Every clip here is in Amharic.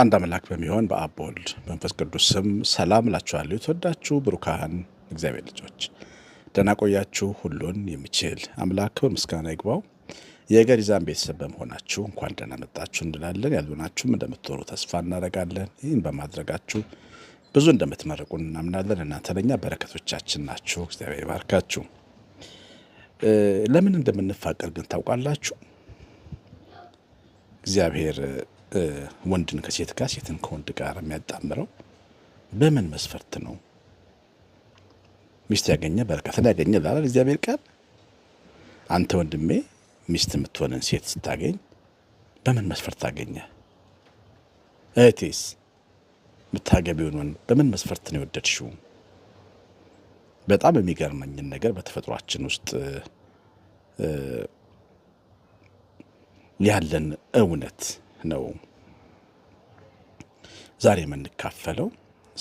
አንድ አምላክ በሚሆን በአብ በወልድ መንፈስ ቅዱስ ስም ሰላም እላችኋለሁ። የተወዳችሁ ብሩካን እግዚአብሔር ልጆች ደህና ቆያችሁ። ሁሉን የሚችል አምላክ በምስጋና ይግባው። የገሪዛን ቤተሰብ በመሆናችሁ እንኳን ደህና መጣችሁ እንላለን። ያልሆናችሁም እንደምትኖሩ ተስፋ እናደርጋለን። ይህን በማድረጋችሁ ብዙ እንደምትመርቁ እናምናለን። እናንተ ለእኛ በረከቶቻችን ናችሁ። እግዚአብሔር ይባርካችሁ። ለምን እንደምንፋቀር ግን ታውቃላችሁ? እግዚአብሔር ወንድን ከሴት ጋር ሴትን ከወንድ ጋር የሚያጣምረው በምን መስፈርት ነው? ሚስት ያገኘ በረከትን ያገኘ ላላል እግዚአብሔር ቃል አንተ ወንድሜ ሚስት የምትሆንን ሴት ስታገኝ በምን መስፈርት ታገኘ? እህቴስ የምታገቢውን ወንድ በምን መስፈርት ነው የወደድሽው? በጣም የሚገርመኝን ነገር በተፈጥሯችን ውስጥ ያለን እውነት ነው። ዛሬ የምንካፈለው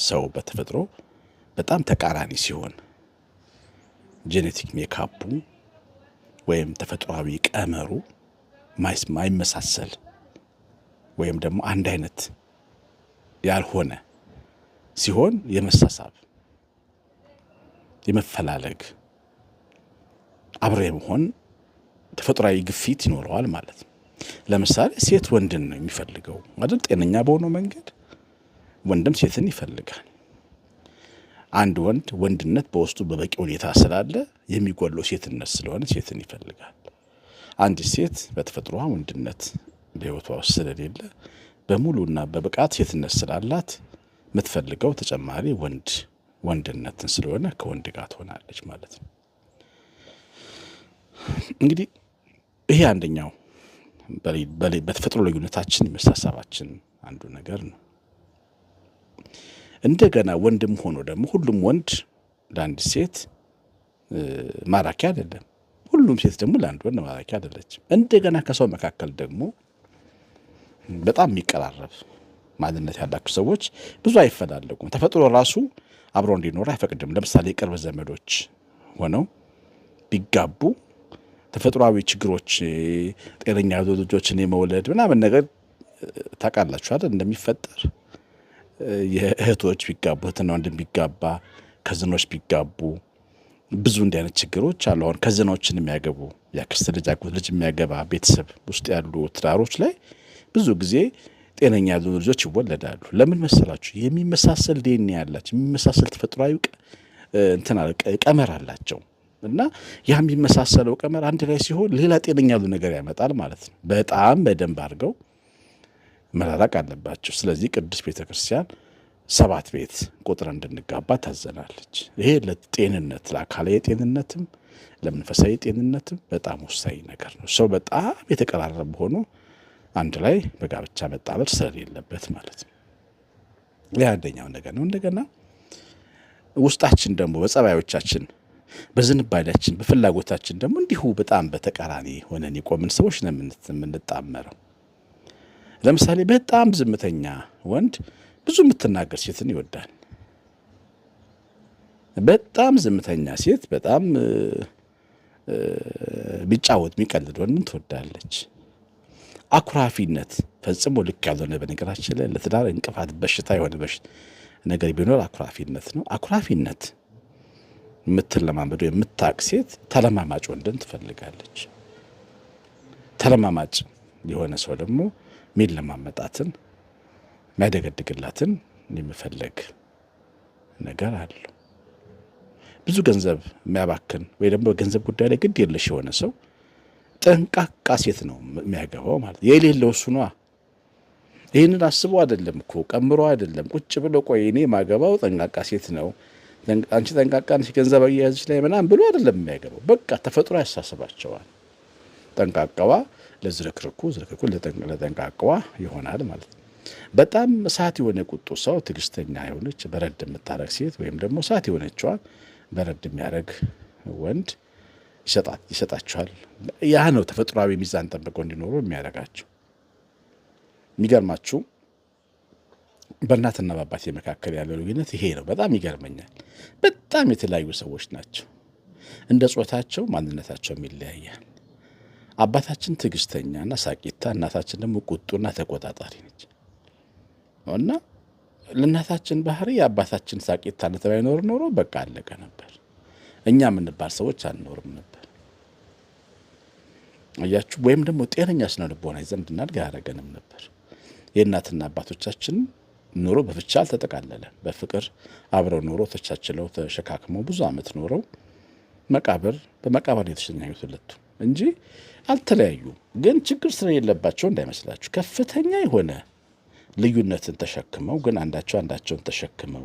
ሰው በተፈጥሮ በጣም ተቃራኒ ሲሆን ጄኔቲክ ሜካፑ ወይም ተፈጥሯዊ ቀመሩ ማይመሳሰል ወይም ደግሞ አንድ አይነት ያልሆነ ሲሆን የመሳሳብ የመፈላለግ አብሮ የመሆን ተፈጥሯዊ ግፊት ይኖረዋል ማለት ነው። ለምሳሌ ሴት ወንድን ነው የሚፈልገው አይደል? ጤነኛ በሆነው መንገድ ወንድም ሴትን ይፈልጋል። አንድ ወንድ ወንድነት በውስጡ በበቂ ሁኔታ ስላለ የሚጎለው ሴትነት ስለሆነ ሴትን ይፈልጋል። አንዲት ሴት በተፈጥሮ ወንድነት በህይወቷ ውስጥ ስለሌለ በሙሉና በብቃት ሴትነት ስላላት የምትፈልገው ተጨማሪ ወንድ ወንድነትን ስለሆነ ከወንድ ጋር ትሆናለች ማለት ነው። እንግዲህ ይሄ አንደኛው በተፈጥሮ ልዩነታችን የመሳሳባችን አንዱ ነገር ነው። እንደገና ወንድም ሆኖ ደግሞ ሁሉም ወንድ ለአንድ ሴት ማራኪ አይደለም። ሁሉም ሴት ደግሞ ለአንድ ወንድ ማራኪ አይደለችም። እንደገና ከሰው መካከል ደግሞ በጣም የሚቀራረብ ማንነት ያላቸው ሰዎች ብዙ አይፈላለጉም። ተፈጥሮ ራሱ አብሮ እንዲኖር አይፈቅድም። ለምሳሌ የቅርብ ዘመዶች ሆነው ቢጋቡ ተፈጥሯዊ ችግሮች፣ ጤነኛ ልጆችን የመውለድ ምናምን ነገር ታውቃላችኋል እንደሚፈጠር የእህቶች ቢጋቡ እህትና ወንድም ቢጋባ ከዝኖች ቢጋቡ ብዙ እንዲህ አይነት ችግሮች አሉ። አሁን ከዝናዎችን የሚያገቡ የአክስት ልጅ አጎት ልጅ የሚያገባ ቤተሰብ ውስጥ ያሉ ትዳሮች ላይ ብዙ ጊዜ ጤነኛ ያሉ ልጆች ይወለዳሉ። ለምን መሰላችሁ? የሚመሳሰል ዴን ያላቸው የሚመሳሰል ተፈጥሯዊ እንትና ቀመር አላቸው እና ያ የሚመሳሰለው ቀመር አንድ ላይ ሲሆን ሌላ ጤነኛ ያሉ ነገር ያመጣል ማለት ነው። በጣም በደንብ አድርገው መራራቅ አለባቸው። ስለዚህ ቅዱስ ቤተ ክርስቲያን ሰባት ቤት ቁጥር እንድንጋባ ታዘናለች። ይሄ ለጤንነት ለአካላዊ ጤንነትም ለመንፈሳዊ ጤንነትም በጣም ወሳኝ ነገር ነው። ሰው በጣም የተቀራረበ ሆኖ አንድ ላይ በጋብቻ መጣመር ስለሌለበት ማለት ነው። ይህ አንደኛው ነገር ነው። እንደገና ውስጣችን ደግሞ በጸባዮቻችን፣ በዝንባሌያችን፣ በፍላጎታችን ደግሞ እንዲሁ በጣም በተቃራኒ ሆነን የቆምን ሰዎች ነው የምንጣመረው። ለምሳሌ በጣም ዝምተኛ ወንድ ብዙ የምትናገር ሴትን ይወዳል። በጣም ዝምተኛ ሴት በጣም ቢጫወት የሚቀልድ ወንድን ትወዳለች። አኩራፊነት ፈጽሞ ልክ ያልሆነ በነገራችን ላይ ለትዳር እንቅፋት በሽታ የሆነ ነገር ቢኖር አኩራፊነት ነው። አኩራፊነት የምትለማመዱ የምታቅ ሴት ተለማማጭ ወንድን ትፈልጋለች። ተለማማጭ የሆነ ሰው ደግሞ ለማመጣትን የሚያደገድግላትን የሚፈለግ ነገር አለው። ብዙ ገንዘብ የሚያባክን ወይ ደግሞ በገንዘብ ጉዳይ ላይ ግድ የለሽ የሆነ ሰው ጠንቃቃ ሴት ነው የሚያገባው ማለት የሌለው እሱ ይህንን አስቦ አይደለም እኮ ቀምሮ አይደለም ቁጭ ብሎ ቆይ እኔ ማገባው ጠንቃቃ ሴት ነው አንቺ ጠንቃቃ ነሽ ገንዘብ አያያዝሽ ላይ ምናምን ብሎ አይደለም የሚያገባው። በቃ ተፈጥሮ ያሳስባቸዋል። ጠንቃቃዋ ለዝርክርኩ ዝርክርኩ ለጠንቃቋ ይሆናል ማለት ነው። በጣም እሳት የሆነ ቁጡ ሰው ትዕግስተኛ የሆነች በረድ የምታረግ ሴት ወይም ደግሞ እሳት የሆነችዋ በረድ የሚያደረግ ወንድ ይሰጣችኋል። ያ ነው ተፈጥሯዊ ሚዛን ጠብቀው እንዲኖሩ የሚያደርጋቸው። የሚገርማችሁ በእናትና በአባቴ መካከል ያለው ልዩነት ይሄ ነው። በጣም ይገርመኛል። በጣም የተለያዩ ሰዎች ናቸው። እንደ ጾታቸው ማንነታቸው ይለያያል። አባታችን ትዕግስተኛና ሳቂታ፣ እናታችን ደግሞ ቁጡና ተቆጣጣሪ ነች እና ለእናታችን ባህሪ የአባታችን ሳቂታ ሳቂታነት ባይኖር ኖሮ በቃ አለቀ ነበር። እኛ የምንባል ሰዎች አንኖርም ነበር። እያችሁ ወይም ደግሞ ጤነኛ ስነ ልቦና ይዘን እንድናድግ አያደርገንም ነበር። የእናትና አባቶቻችን ኑሮ በፍቻ አልተጠቃለለ። በፍቅር አብረው ኑሮ ተቻችለው ተሸካክመው ብዙ ዓመት ኖረው መቃብር በመቃብር የተሸኛኙት ሁለቱ እንጂ አልተለያዩም። ግን ችግር ስለሌለባቸው እንዳይመስላችሁ ከፍተኛ የሆነ ልዩነትን ተሸክመው ግን አንዳቸው አንዳቸውን ተሸክመው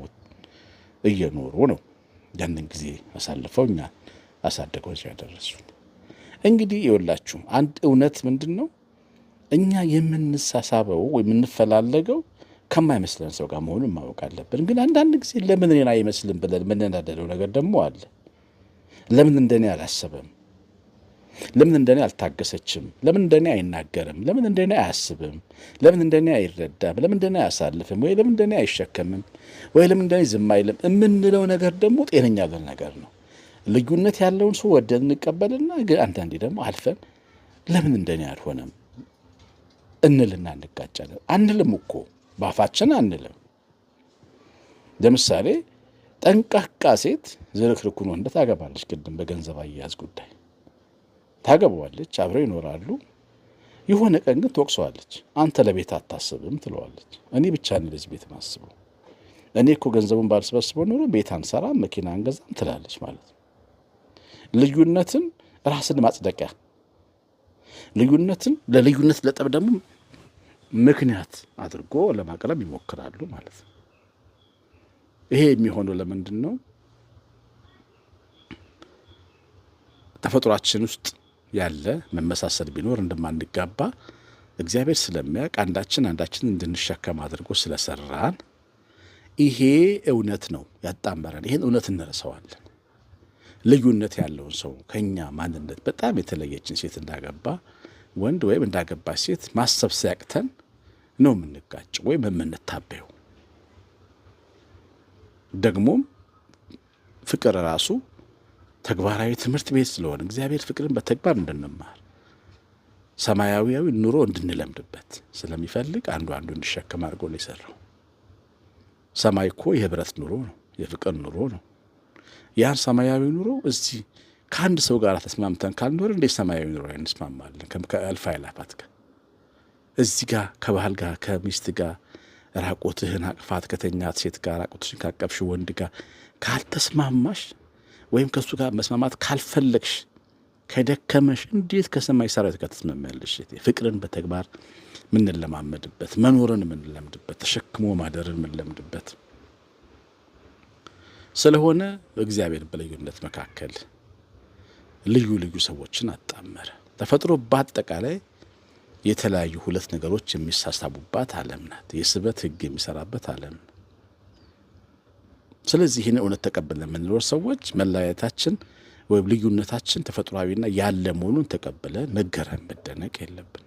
እየኖሩ ነው። ያንን ጊዜ አሳልፈው እኛ አሳደገው እዚህ ያደረሱ። እንግዲህ ይኸውላችሁ አንድ እውነት ምንድን ነው፣ እኛ የምንሳሳበው የምንፈላለገው ከማይመስለን ሰው ጋር መሆኑን ማወቅ አለብን። ግን አንዳንድ ጊዜ ለምን እኔን አይመስልም ብለን የምንናደደው ነገር ደግሞ አለ። ለምን እንደኔ አላሰበም ለምን እንደኔ አልታገሰችም? ለምን እንደኔ አይናገርም? ለምን እንደኔ አያስብም? ለምን እንደኔ አይረዳም? ለምን እንደኔ አያሳልፍም? ወይ ለምን እንደኔ አይሸከምም? ወይ ለምን እንደኔ ዝም አይልም? የምንለው ነገር ደግሞ ጤነኛ ያለ ነገር ነው። ልዩነት ያለውን ሰው ወደን እንቀበልና ግን አንዳንዴ ደግሞ አልፈን ለምን እንደኔ አልሆነም እንልና እንጋጫለን። አንልም እኮ ባፋችን አንልም። ለምሳሌ ጠንቃቃ ሴት ዝርክርኩን ወንድ ታገባለች። ቅድም በገንዘብ አያያዝ ጉዳይ ታገባዋለች፣ አብረው ይኖራሉ። የሆነ ቀን ግን ትወቅሰዋለች። አንተ ለቤት አታስብም ትለዋለች። እኔ ብቻ ነኝ ለዚህ ቤት ማስበው። እኔ እኮ ገንዘቡን ባልሰበስበው ኖሮ ቤት አንሰራም፣ መኪና አንገዛም ትላለች ማለት ነው። ልዩነትን ራስን ማጽደቂያ፣ ልዩነትን ለልዩነት ለጠብ ደግሞ ምክንያት አድርጎ ለማቅረብ ይሞክራሉ ማለት ነው። ይሄ የሚሆነው ለምንድን ነው? ተፈጥሯችን ውስጥ ያለ መመሳሰል ቢኖር እንደማንጋባ እግዚአብሔር ስለሚያውቅ አንዳችን አንዳችን እንድንሸከም አድርጎ ስለሰራን ይሄ እውነት ነው ያጣመረን። ይህን እውነት እንረሰዋለን። ልዩነት ያለውን ሰው ከኛ ማንነት በጣም የተለየችን ሴት እንዳገባ ወንድ ወይም እንዳገባች ሴት ማሰብ ሲያቅተን ነው የምንጋጭ ወይም የምንታበየው። ደግሞም ፍቅር ራሱ ተግባራዊ ትምህርት ቤት ስለሆነ እግዚአብሔር ፍቅርን በተግባር እንድንማር ሰማያዊያዊ ኑሮ እንድንለምድበት ስለሚፈልግ አንዱ አንዱ እንዲሸከም አድርጎ ነው የሰራው። ሰማይ እኮ የህብረት ኑሮ ነው፣ የፍቅር ኑሮ ነው። ያን ሰማያዊ ኑሮ እዚህ ከአንድ ሰው ጋር ተስማምተን ካልኖር እንዴት ሰማያዊ ኑሮ እንስማማለን? ከአልፋ ይላፋት ጋር እዚህ ጋር ከባህል ጋር ከሚስት ጋር ራቆትህን አቅፋት ከተኛት ሴት ጋር ራቆትሽን ካቀፍሽ ወንድ ጋር ካልተስማማሽ ወይም ከእሱ ጋር መስማማት ካልፈለግሽ ከደከመሽ እንዴት ከሰማይ ሰራዊት ጋር ትስማሚያለሽ? ፍቅርን በተግባር የምንለማመድበት መኖርን የምንለምድበት ተሸክሞ ማደርን የምንለምድበት ስለሆነ በእግዚአብሔር በልዩነት መካከል ልዩ ልዩ ሰዎችን አጣመረ። ተፈጥሮ በአጠቃላይ የተለያዩ ሁለት ነገሮች የሚሳሳቡባት ዓለም ናት። የስበት ህግ የሚሰራበት ዓለም ነው። ስለዚህ ይህን እውነት ተቀብለን የምንኖር ሰዎች መለያየታችን ወይም ልዩነታችን ተፈጥሯዊና ያለ መሆኑን ተቀብለን መገረም፣ መደነቅ የለብን።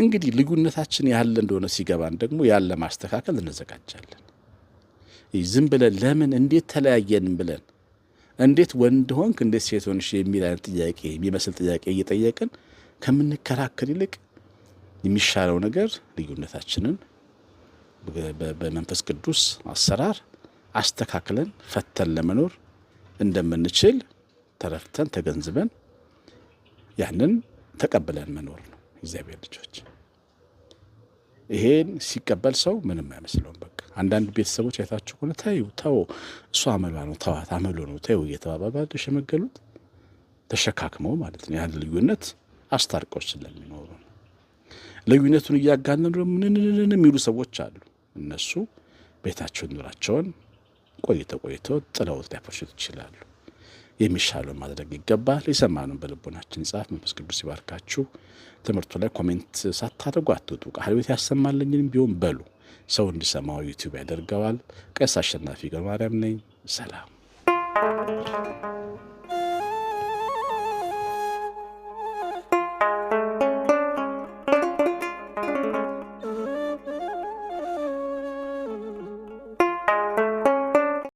እንግዲህ ልዩነታችን ያለ እንደሆነ ሲገባን ደግሞ ያለ ማስተካከል እንዘጋጃለን። ዝም ብለን ለምን እንዴት ተለያየን ብለን እንዴት ወንድ ሆንክ እንዴት ሴት ሆንሽ የሚል አይነት ጥያቄ የሚመስል ጥያቄ እየጠየቅን ከምንከራከር ይልቅ የሚሻለው ነገር ልዩነታችንን በመንፈስ ቅዱስ አሰራር አስተካክለን ፈተን ለመኖር እንደምንችል ተረድተን ተገንዝበን ያንን ተቀብለን መኖር ነው። እግዚአብሔር ልጆች ይሄን ሲቀበል ሰው ምንም አይመስለውም። በቃ አንዳንድ ቤተሰቦች አይታችሁ ከሆነ ተይው ተው እሱ አመሏ ነው ተዋት አመሎ ነው ተይው እየተባባሉ የሸመገሉት ተሸካክመው ማለት ነው። ያን ልዩነት አስታርቀው ስለሚኖሩ ነው። ልዩነቱን እያጋነኑ ምንንንን የሚሉ ሰዎች አሉ። እነሱ ቤታቸውን ኑራቸውን ቆይቶ ቆይቶ ጥለውት ሊያፈርሱት ይችላሉ። የሚሻለውን ማድረግ ይገባል። የሰማነውን በልቦናችን ጻፍ። መንፈስ ቅዱስ ይባርካችሁ። ትምህርቱ ላይ ኮሜንት ሳታደርጉ አትውጡ። ቃል ቤት ያሰማልኝንም ቢሆን በሉ። ሰው እንዲሰማው ዩቲዩብ ያደርገዋል። ቄስ አሸናፊ ገብረማርያም ነኝ። ሰላም